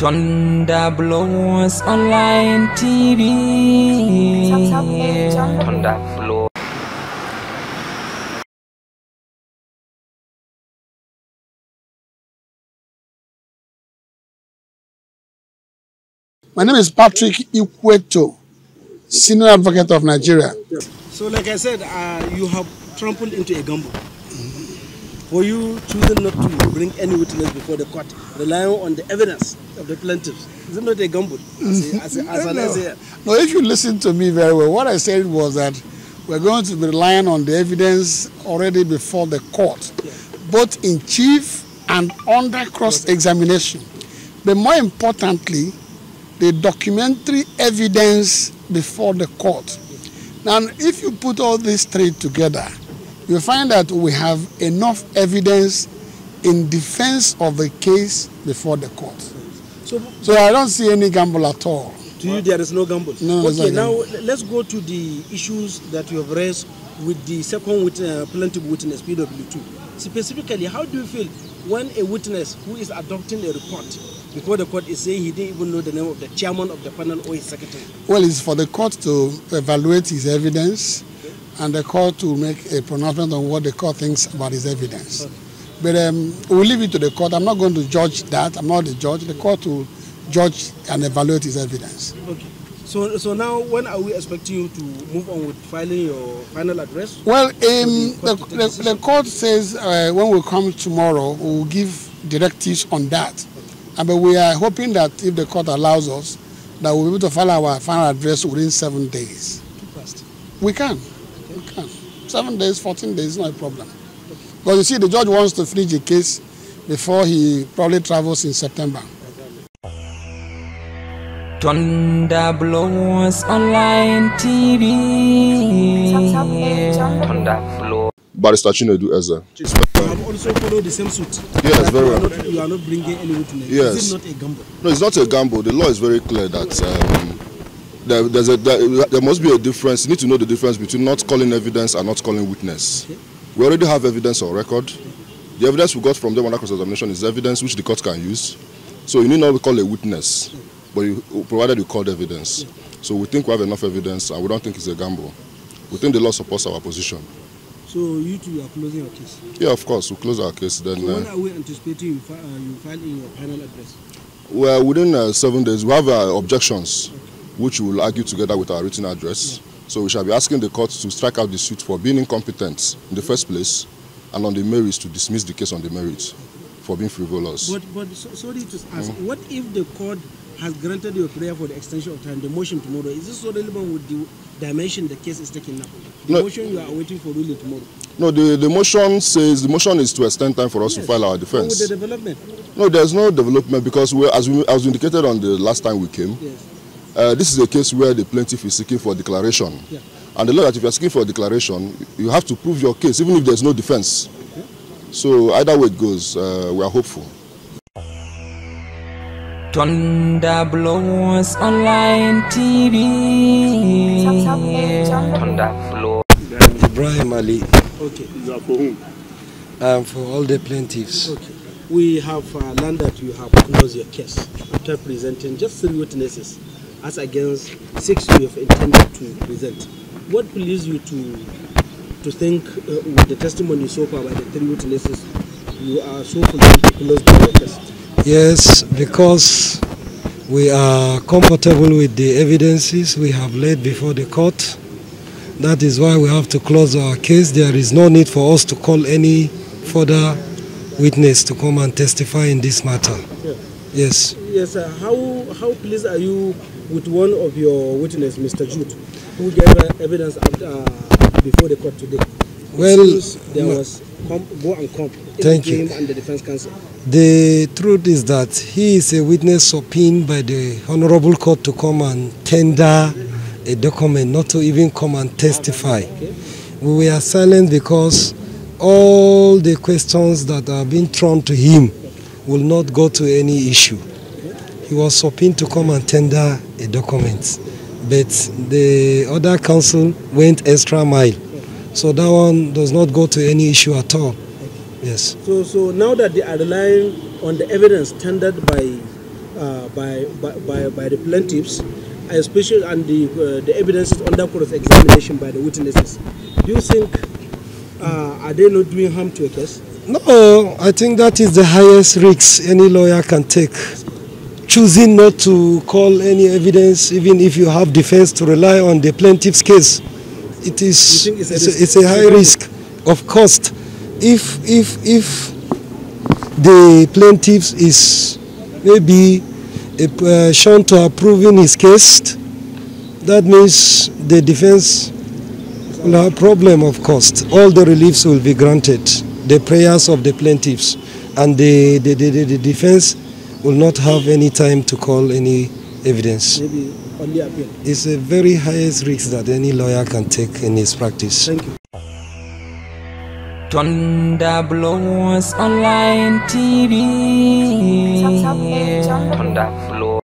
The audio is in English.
Thunder Blows Online TV. Thunder Blows. My name is Patrick Ikweto, Senior Advocate of Nigeria. So, like I said, uh, you have trampled into a gamble for you choosing not to bring any witness before the court, relying on the evidence of the plaintiffs. Is it not a gamble? As, a, as, a, as no, an no. no, if you listen to me very well, what I said was that we're going to be relying on the evidence already before the court, yeah. both in chief and under cross-examination. But more importantly, the documentary evidence before the court. Now, if you put all these three together, you find that we have enough evidence in defense of the case before the court. So, so I don't see any gamble at all. To you, there is no gamble. No, okay, now let's go to the issues that you have raised with the second witness, uh, plaintiff witness, PW2. Specifically, how do you feel when a witness who is adopting a report before the court is saying he didn't even know the name of the chairman of the panel or his secretary? Well, it's for the court to evaluate his evidence and the court to make a pronouncement on what the court thinks about his evidence. But um, we'll leave it to the court. I'm not going to judge that. I'm not the judge. The court will judge and evaluate his evidence. Okay. So, so now when are we expecting you to move on with filing your final address? Well, um, the, court um, the, the, the, court says uh, when we come tomorrow, we'll give directives on that. Okay. Uh, but we are hoping that if the court allows us, that we'll be able to file our final address within seven days. Too fast. We can. You Seven days, 14 days no problem. Because you see, the judge wants to finish the case before he probably travels in September. Thunder blows online TV. Thunder blows. Barrister Chinedu Eze. You have also followed the same suit. Yes, very well. You are not bringing any witness. Yes. Is it not a gamble? No, it's not a gamble. The law is very clear that um, there, a, there, there, must be a difference. You need to know the difference between not calling evidence and not calling witness. Okay. We already have evidence on record. The evidence we got from them under cross-examination is evidence which the court can use. So you need not call a witness, but you, provided you called evidence. So we think we have enough evidence, and we don't think it's a gamble. We think the law supports our position. So you two are closing your case? Yeah, of course. we will close our case. Then, so when uh, are we anticipating you, fi uh, you file in your final address? Well, within uh, seven days. We have uh, objections. Okay which we will argue together with our written address. So we shall be asking the court to strike out the suit for being incompetent in the first place and on the merits to dismiss the case on the merits for being frivolous. But, but so, sorry to ask, mm. what if the court has granted your prayer for the extension of time, the motion tomorrow, is this so relevant with the dimension the case is taking up? The no, motion you are waiting for really tomorrow? No, the, the motion says, the motion is to extend time for us yes. to file our defense. Oh, with the development? No, there's no development because, we, as, we, as we indicated on the last time we came, yes. Uh, this is a case where the plaintiff is seeking for a declaration. Yeah. And the law that if you're seeking for a declaration, you have to prove your case, even if there's no defense. So either way it goes, uh, we are hopeful. Thunder blows online TV. Thunder blows. Ibrahim Ali. Okay. You are for whom? Um, for all the plaintiffs. Okay. We have uh, learned that you have closed your case after presenting just three witnesses as against six you have intended to present. What leads you to to think uh, with the testimony so far by the three witnesses, you are so close to the test? Yes, because we are comfortable with the evidences we have laid before the court. That is why we have to close our case. There is no need for us to call any further witness to come and testify in this matter. Yeah. Yes. Yes, sir. How, how pleased are you with one of your witnesses, Mr. Jude, who gave evidence uh, before the court today. Well, there was go and come. Thank you. and the defense counsel. The truth is that he is a witness subpoenaed by the honorable court to come and tender a document, not to even come and testify. Okay. We were silent because all the questions that are being thrown to him will not go to any issue he was hoping to come and tender a document. But the other council went extra mile. So that one does not go to any issue at all. Yes. So, so now that they are relying on the evidence tendered by, uh, by, by, by, by, the plaintiffs, especially and the, uh, the evidence is under cross-examination by the witnesses, do you think uh, are they not doing harm to a case? No, I think that is the highest risk any lawyer can take choosing not to call any evidence, even if you have defense to rely on the plaintiff's case, it is it's, a, it's a high risk of cost. If if if the plaintiff is maybe uh, shown to have proven his case, that means the defense will have problem of cost. All the reliefs will be granted, the prayers of the plaintiffs, and the, the, the, the defense will not have any time to call any evidence. Maybe appeal. It's a very highest risk that any lawyer can take in his practice. Thank you. Thunder Blows Online TV. Thunder Blows.